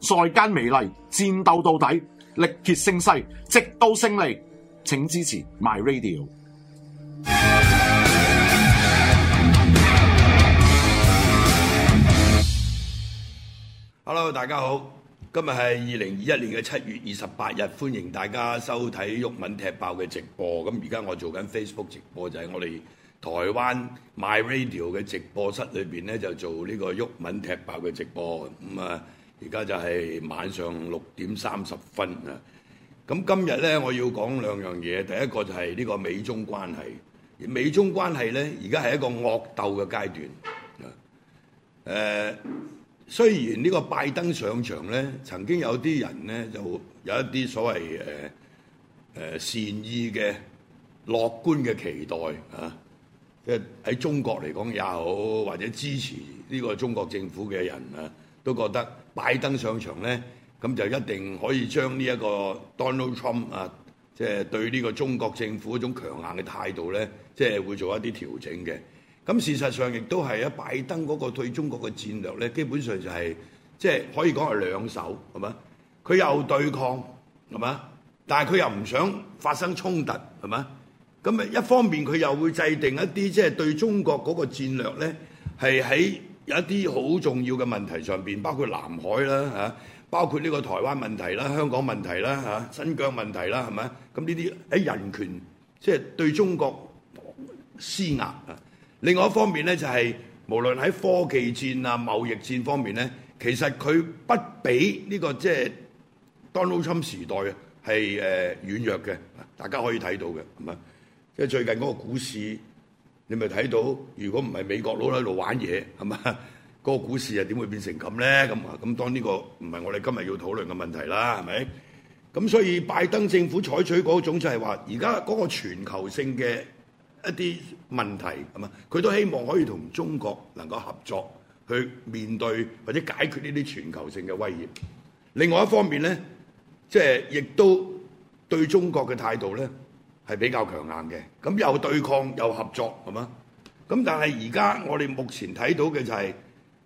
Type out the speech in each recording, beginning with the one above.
在艱美嚟，戰鬥到底，力竭勝勢，直到勝利，請支持 My Radio。Hello，大家好，今日係二零二一年嘅七月二十八日，歡迎大家收睇毓民踢爆嘅直播。咁而家我在做緊 Facebook 直播就係、是、我哋台灣 My Radio 嘅直播室裏邊咧，就做呢、這個毓民踢爆嘅直播咁啊。嗯而家就係晚上六點三十分啊！咁今日咧，我要講兩樣嘢。第一個就係呢個美中關係。美中關係咧，而家係一個惡鬥嘅階段啊！誒，雖然呢個拜登上場咧，曾經有啲人咧就有一啲所謂誒誒善意嘅樂觀嘅期待啊，即係喺中國嚟講也好，或者支持呢個中國政府嘅人啊，都覺得。拜登上場呢，咁就一定可以將呢一個 Donald Trump 啊，即係對呢個中國政府嗰種強硬嘅態度呢，即係會做一啲調整嘅。咁事實上亦都係啊，拜登嗰個對中國嘅戰略呢，基本上就係即係可以講係兩手，係嘛？佢又對抗，係嘛？但係佢又唔想發生衝突，係嘛？咁啊一方面佢又會制定一啲即係對中國嗰個戰略呢，係喺有一啲好重要嘅問題上邊，包括南海啦嚇，包括呢個台灣問題啦、香港問題啦嚇、新疆問題啦，係咪啊？咁呢啲喺人權，即係、就是、對中國施壓啊。另外一方面咧、就是，就係無論喺科技戰啊、貿易戰方面咧，其實佢不比呢、這個即係、就是、Donald Trump 時代係誒軟弱嘅，大家可以睇到嘅係咪？即係、就是、最近嗰個股市。你咪睇到，如果唔係美國佬喺度玩嘢，係嘛？嗰個股市又點會變成咁咧？咁啊，咁當呢個唔係我哋今日要討論嘅問題啦，係咪？咁所以拜登政府採取嗰種就係話，而家嗰個全球性嘅一啲問題，係嘛？佢都希望可以同中國能夠合作，去面對或者解決呢啲全球性嘅威脅。另外一方面咧，即係亦都對中國嘅態度咧。係比較強硬嘅，咁又對抗又合作，係嘛？咁但係而家我哋目前睇到嘅就係，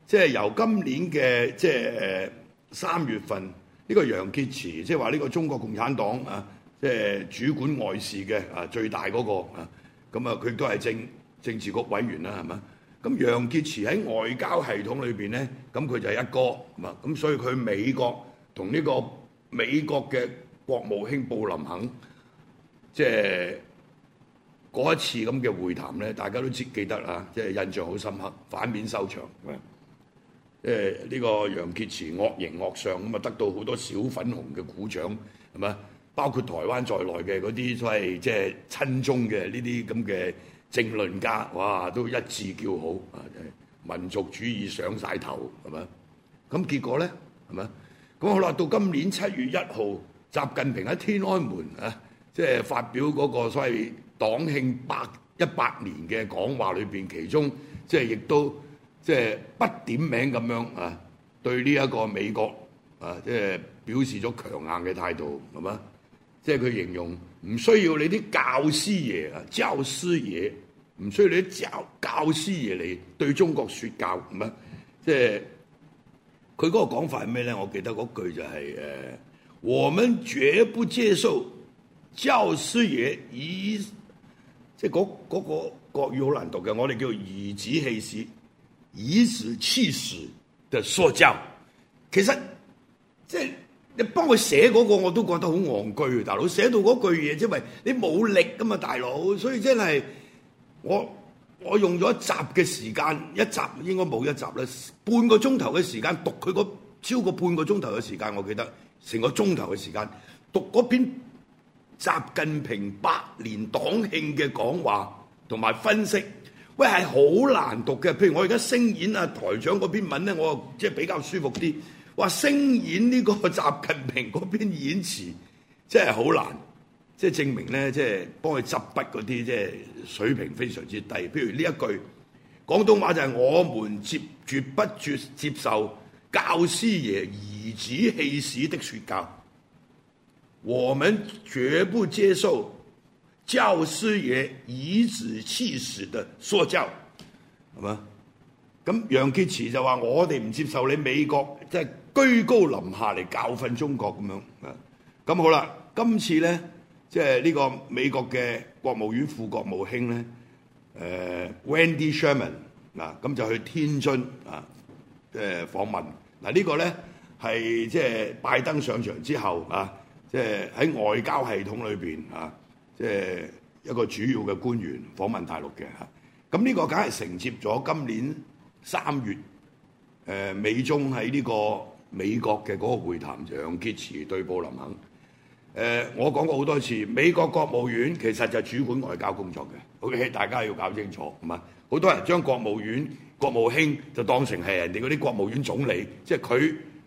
即係由今年嘅即係三月份呢個楊潔篪，即係話呢個中國共產黨啊，即係主管外事嘅啊最大嗰個啊，咁啊佢都係政政治局委員啦，係嘛？咁楊潔篪喺外交系統裏邊咧，咁佢就係一哥，啊，咁所以佢美國同呢個美國嘅國務卿布林肯。即係嗰一次咁嘅會談咧，大家都知記得啊，即係印象好深刻，反面收場。誒，呢個楊潔篪惡形惡相咁啊，得到好多小粉紅嘅鼓掌，係嘛？包括台灣在內嘅嗰啲所謂即係親中嘅呢啲咁嘅政論家，哇，都一致叫好啊！民族主義上晒頭，係嘛？咁結果咧係嘛？咁好啦，到今年七月一號，習近平喺天安門啊，即係發表嗰個所謂黨慶百一百年嘅講話裏邊，其中即係亦都即係不點名咁樣啊，對呢一個美國啊，即係表示咗強硬嘅態度係嘛？即係佢形容唔需要你啲教師爺啊、教師爺唔需要你啲教教師爺嚟對中國説教，唔啊？即係佢嗰個講法係咩咧？我記得嗰句就係誒，我們絕不接受。教師爺以即係嗰個國、國、國語好難讀嘅，我哋叫做以子棄師，以是棄師的所教。其實即係、就是、你幫佢寫嗰個，我都覺得好昂居。大佬寫到嗰句嘢，因為你冇力㗎嘛，大佬。所以真係我我用咗一集嘅時間，一集應該冇一集啦，半個鐘頭嘅時間讀佢個超過半個鐘頭嘅時間，我記得成個鐘頭嘅時間讀嗰篇。習近平百年黨慶嘅講話同埋分析，喂係好難讀嘅。譬如我而家聲演啊台長嗰篇文咧，我即係比較舒服啲。哇，聲演呢個習近平嗰篇演詞，即係好難。即係證明咧，即係幫佢執筆嗰啲，即係水平非常之低。譬如呢一句廣東話就係我們絕絕不絕接受教師爺頤指氣使的説教。我們絕不接受教師爺頤指氣使的說教，係嘛？咁楊潔篪就話：我哋唔接受你美國即係居高臨下嚟教訓中國咁樣啊！咁好啦，今次咧即係呢、就是、這個美國嘅國務院副國務卿咧，誒、呃、，Wendy Sherman 嗱、啊，咁就去天津啊嘅、呃、訪問嗱，啊這個、呢個咧係即係拜登上場之後啊。即係喺外交系統裏邊啊，即係一個主要嘅官員訪問大陸嘅嚇。咁呢個梗係承接咗今年三月誒美中喺呢個美國嘅嗰個會談上楊潔篪對布林肯。誒，我講過好多次，美國國務院其實就係主管外交工作嘅，OK，大家要搞清楚，唔係。好多人將國務院國務卿就當成係人哋嗰啲國務院總理，即係佢。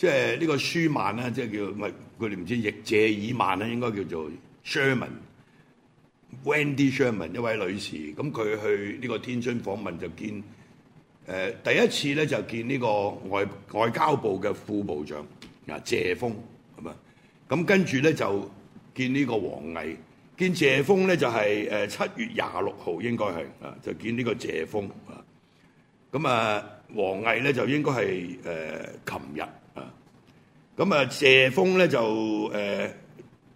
即係呢個舒曼咧，即係叫唔佢哋唔知譯謝爾曼咧，應該叫做 Sherman Wendy Sherman 一位女士。咁佢去呢個天津訪問就見誒、呃、第一次咧，就見呢個外外交部嘅副部長啊謝鋒，係嘛？咁跟住咧就見呢個王毅見謝鋒咧就係誒七月廿六號應該係啊，就見呢個謝鋒。啊。咁啊王毅咧就應該係誒琴日。呃咁啊，謝鋒咧就誒，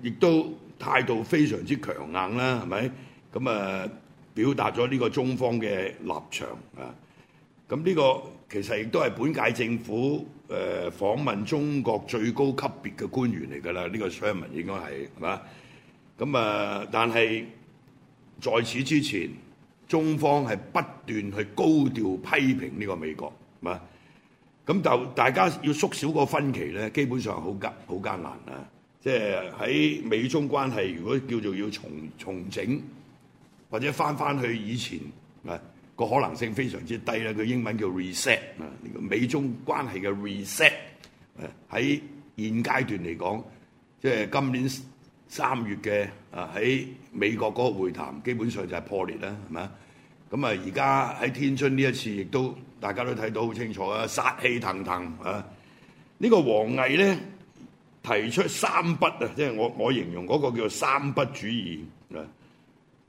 亦都態度非常之強硬啦，係咪？咁啊，表達咗呢個中方嘅立場啊。咁、這、呢個其實亦都係本屆政府誒訪問中國最高級別嘅官員嚟㗎啦，呢個 Sherman 應該係係嘛。咁啊，但係在此之前，中方係不斷去高調批評呢個美國，係嘛？咁就大家要縮小個分歧咧，基本上好艱好艱難啊！即係喺美中關係，如果叫做要重重整或者翻翻去以前啊，個可能性非常之低咧。個英文叫 reset 啊，美中關係嘅 reset 啊，喺現階段嚟講，即係今年三月嘅啊喺美國嗰個會談，基本上就係破裂啦，係咪啊？咁啊，而家喺天津呢一次亦都。大家都睇到好清楚啊！殺氣騰騰啊！呢、這個王毅咧提出三不啊，即係我我形容嗰個叫做三不主義啊。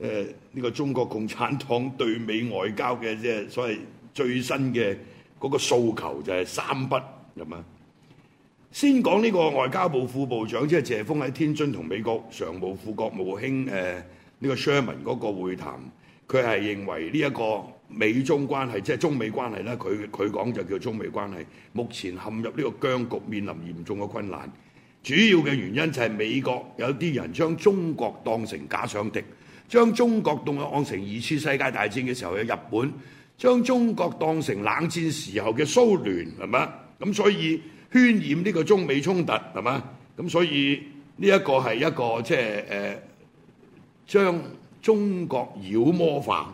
誒、這、呢個中國共產黨對美外交嘅即係所謂最新嘅嗰個訴求就係三不，咁啊。先講呢個外交部副部長即係謝鋒喺天津同美國常務副國務卿誒呢、啊這個 Sherman 嗰個會談，佢係認為呢、這、一個。美中關係即係中美關係咧，佢佢講就叫中美關係。目前陷入呢個僵局，面臨嚴重嘅困難。主要嘅原因就係美國有啲人將中國當成假想敵，將中國當成二次世界大戰嘅時候嘅日本，將中國當成冷戰時候嘅蘇聯，係嘛？咁所以渲染呢個中美衝突，係嘛？咁所以呢一個係一個即係誒，將中國妖魔化。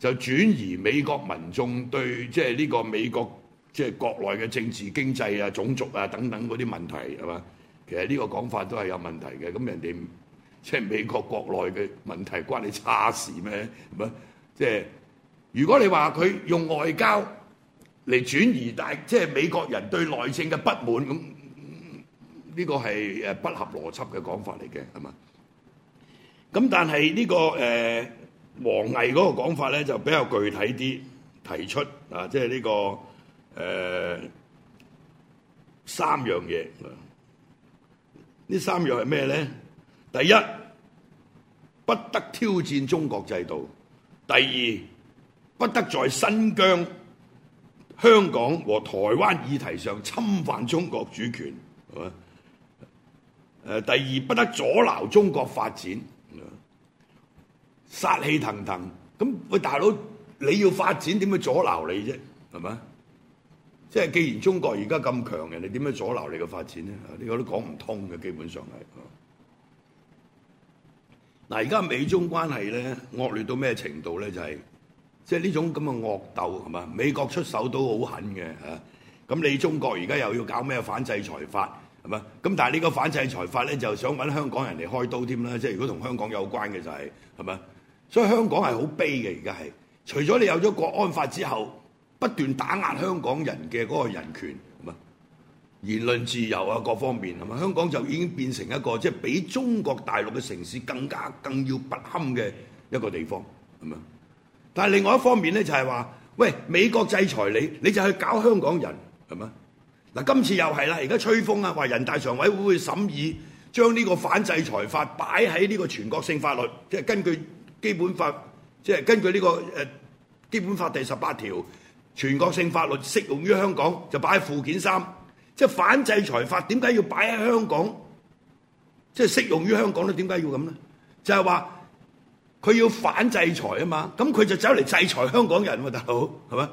就轉移美國民眾對即係呢個美國即係國內嘅政治經濟啊、種族啊等等嗰啲問題係嘛？其實呢個講法都係有問題嘅。咁人哋即係美國國內嘅問題，關你叉事咩？即係如果你話佢用外交嚟轉移大即係美國人對內政嘅不滿，咁呢個係誒不合邏輯嘅講法嚟嘅係嘛？咁但係呢個、呃王毅嗰個講法咧就比較具體啲提出啊，即係呢、呢個誒、呃、三樣嘢。呢三樣係咩咧？第一，不得挑戰中國制度；第二，不得在新疆、香港和台灣議題上侵犯中國主權；第二，不得阻撓中國發展。殺氣騰騰，咁喂大佬，你要發展點樣阻撓你啫？係嘛？即係既然中國而家咁強人，你點樣阻撓你嘅發展呢？呢個都講唔通嘅，基本上係。嗱而家美中關係咧惡劣到咩程度咧？就係即係呢種咁嘅惡鬥係嘛？美國出手都好狠嘅嚇，咁、啊、你中國而家又要搞咩反制裁法係嘛？咁但係呢個反制裁法咧，就想揾香港人嚟開刀添啦！即係如果同香港有關嘅就係係嘛？所以香港係好悲嘅，而家係除咗你有咗國安法之後，不斷打壓香港人嘅嗰個人權，係咪？言論自由啊各方面，係咪？香港就已經變成一個即係、就是、比中國大陸嘅城市更加更要不堪嘅一個地方，係咪？但係另外一方面咧，就係、是、話喂美國制裁你，你就去搞香港人，係咪？嗱今次又係啦，而家吹風啊，話人大常委會會審議將呢個反制裁法擺喺呢個全國性法律，即係根據基本法即係根據呢個誒基本法第十八條，全國性法律適用於香港就擺喺附件三，即係反制裁法點解要擺喺香港？即係適用於香港咧，點解要咁咧？就係話佢要反制裁啊嘛，咁佢就走嚟制裁香港人喎，大佬係咪？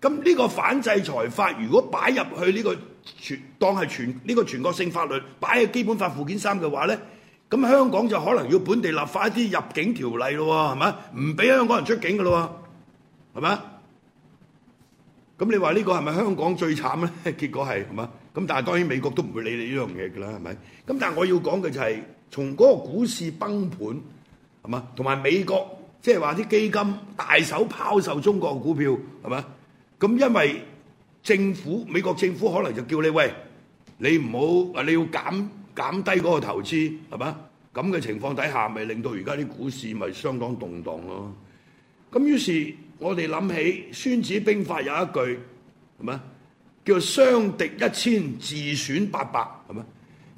咁呢個反制裁法如果擺入去呢個全，當係全，呢個全國性法律擺喺基本法附件三嘅話咧，咁香港就可能要本地立法一啲入境條例咯，係咪？唔俾香港人出境嘅咯，係咪？咁你話呢個係咪香港最慘咧？結果係，係嘛？咁但係當然美國都唔會理你呢樣嘢㗎啦，係咪？咁但係我要講嘅就係從嗰個股市崩盤係嘛，同埋美國即係話啲基金大手拋售中國股票係咪？咁因為政府，美國政府可能就叫你喂，你唔好啊，你要減減低嗰個投資，係嘛？咁嘅情況底下，咪令到而家啲股市咪相當動蕩咯。咁於是我哋諗起《孫子兵法》有一句，係嘛？叫做“傷敵一千，自損八百”，係嘛？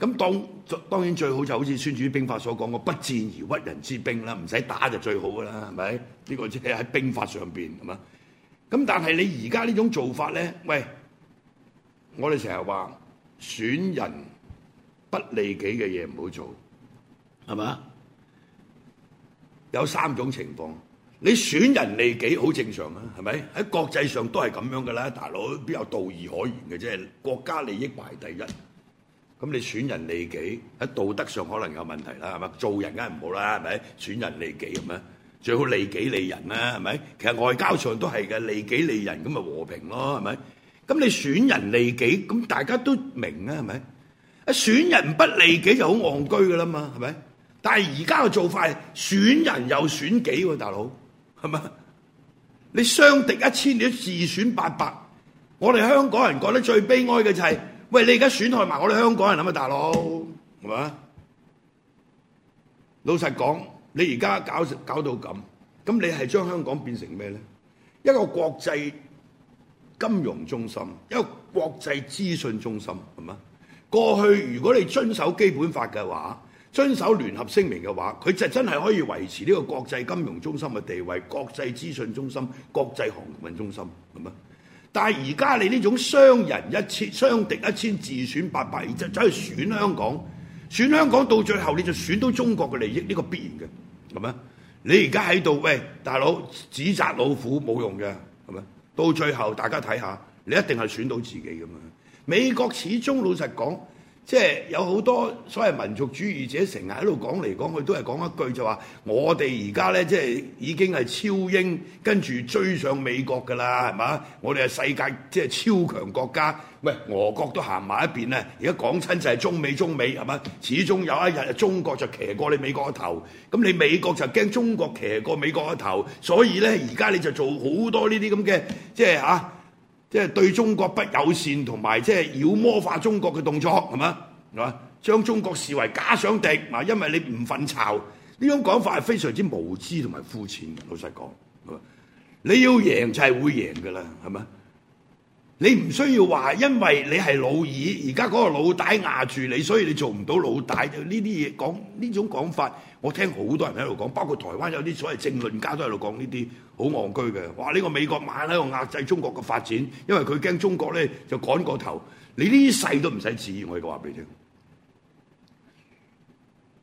咁當當然最好就好似《孫子兵法》所講嘅“不戰而屈人之兵”啦，唔使打就最好噶啦，係咪？呢個即係喺兵法上邊，係嘛？咁但係你而家呢種做法咧，喂，我哋成日話損人。不利己嘅嘢唔好做，係嘛？有三種情況，你損人利己好正常啊，係咪？喺國際上都係咁樣噶啦，大佬邊有道義可言嘅啫？國家利益排第一，咁你損人利己喺道德上可能有問題啦，係咪？做人梗係唔好啦，係咪？損人利己咁樣，最好利己利人啦，係咪？其實外交上都係嘅，利己利人咁咪和平咯，係咪？咁你損人利己，咁大家都明啊，係咪？損人不利己就好戇居噶啦嘛，係咪？但係而家嘅做法損人又損己，啊，大佬係咪？你傷敵一千，你都自損八百。我哋香港人覺得最悲哀嘅就係、是，喂，你而家損害埋我哋香港人啊嘛，大佬係嘛？老實講，你而家搞搞到咁，咁你係將香港變成咩咧？一個國際金融中心，一個國際資訊中心，係嘛？過去如果你遵守基本法嘅話，遵守聯合聲明嘅話，佢就真係可以維持呢個國際金融中心嘅地位、國際資訊中心、國際航運中心咁。但係而家你呢種傷人一千、傷敵一千自損八百，而就走去損香港，損香港到最後你就損到中國嘅利益，呢個必然嘅，係咪？你而家喺度喂，大佬指責老虎冇用嘅，係咪？到最後大家睇下，你一定係損到自己咁美國始終老實講，即係有好多所謂民族主義者成日喺度講嚟講去，都係講一句就話：我哋而家咧即係已經係超英，跟住追上美國㗎啦，係嘛？我哋係世界即係超強國家，喂，俄國都行埋一邊呢。而家講親就係中美，中美係嘛？始終有一日中國就騎過你美國個頭，咁你美國就驚中國騎過美國個頭，所以咧而家你就做好多呢啲咁嘅即係嚇即係對中國不友善，同埋即係妖魔化中國嘅動作，係嘛？係嘛？將中國視為假想敵嗱，因為你唔瞓巢，呢種講法係非常之無知同埋膚淺嘅。老實講，係嘛？你要贏就係會贏㗎啦，係咪？你唔需要話，因為你係老二，而家嗰個老大壓住你，所以你做唔到老大。呢啲嘢講呢種講法，我聽好多人喺度講，包括台灣有啲所謂政論家都喺度講呢啲好戇居嘅。哇！呢個美國馬喺度壓制中國嘅發展，因為佢驚中國呢就趕過頭。你呢世都唔使指意，我而家話俾你聽。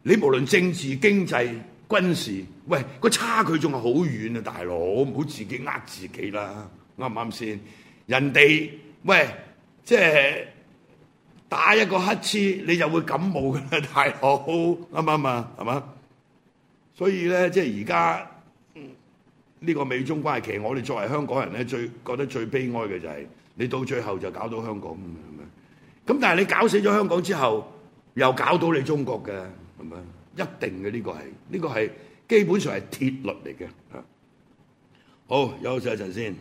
你無論政治、經濟、軍事，喂，個差距仲係好遠啊！大佬，唔好自己呃自己啦，啱唔啱先？人哋喂，即係打一個乞嗤，你就會感冒噶啦，大佬啱唔啱啊？係嘛？所以咧，即係而家呢個美中關係，其實我哋作為香港人咧，最覺得最悲哀嘅就係，你到最後就搞到香港咁樣，咁但係你搞死咗香港之後，又搞到你中國嘅，係咪？一定嘅呢個係，呢個係基本上係鐵律嚟嘅。好，休息陣先。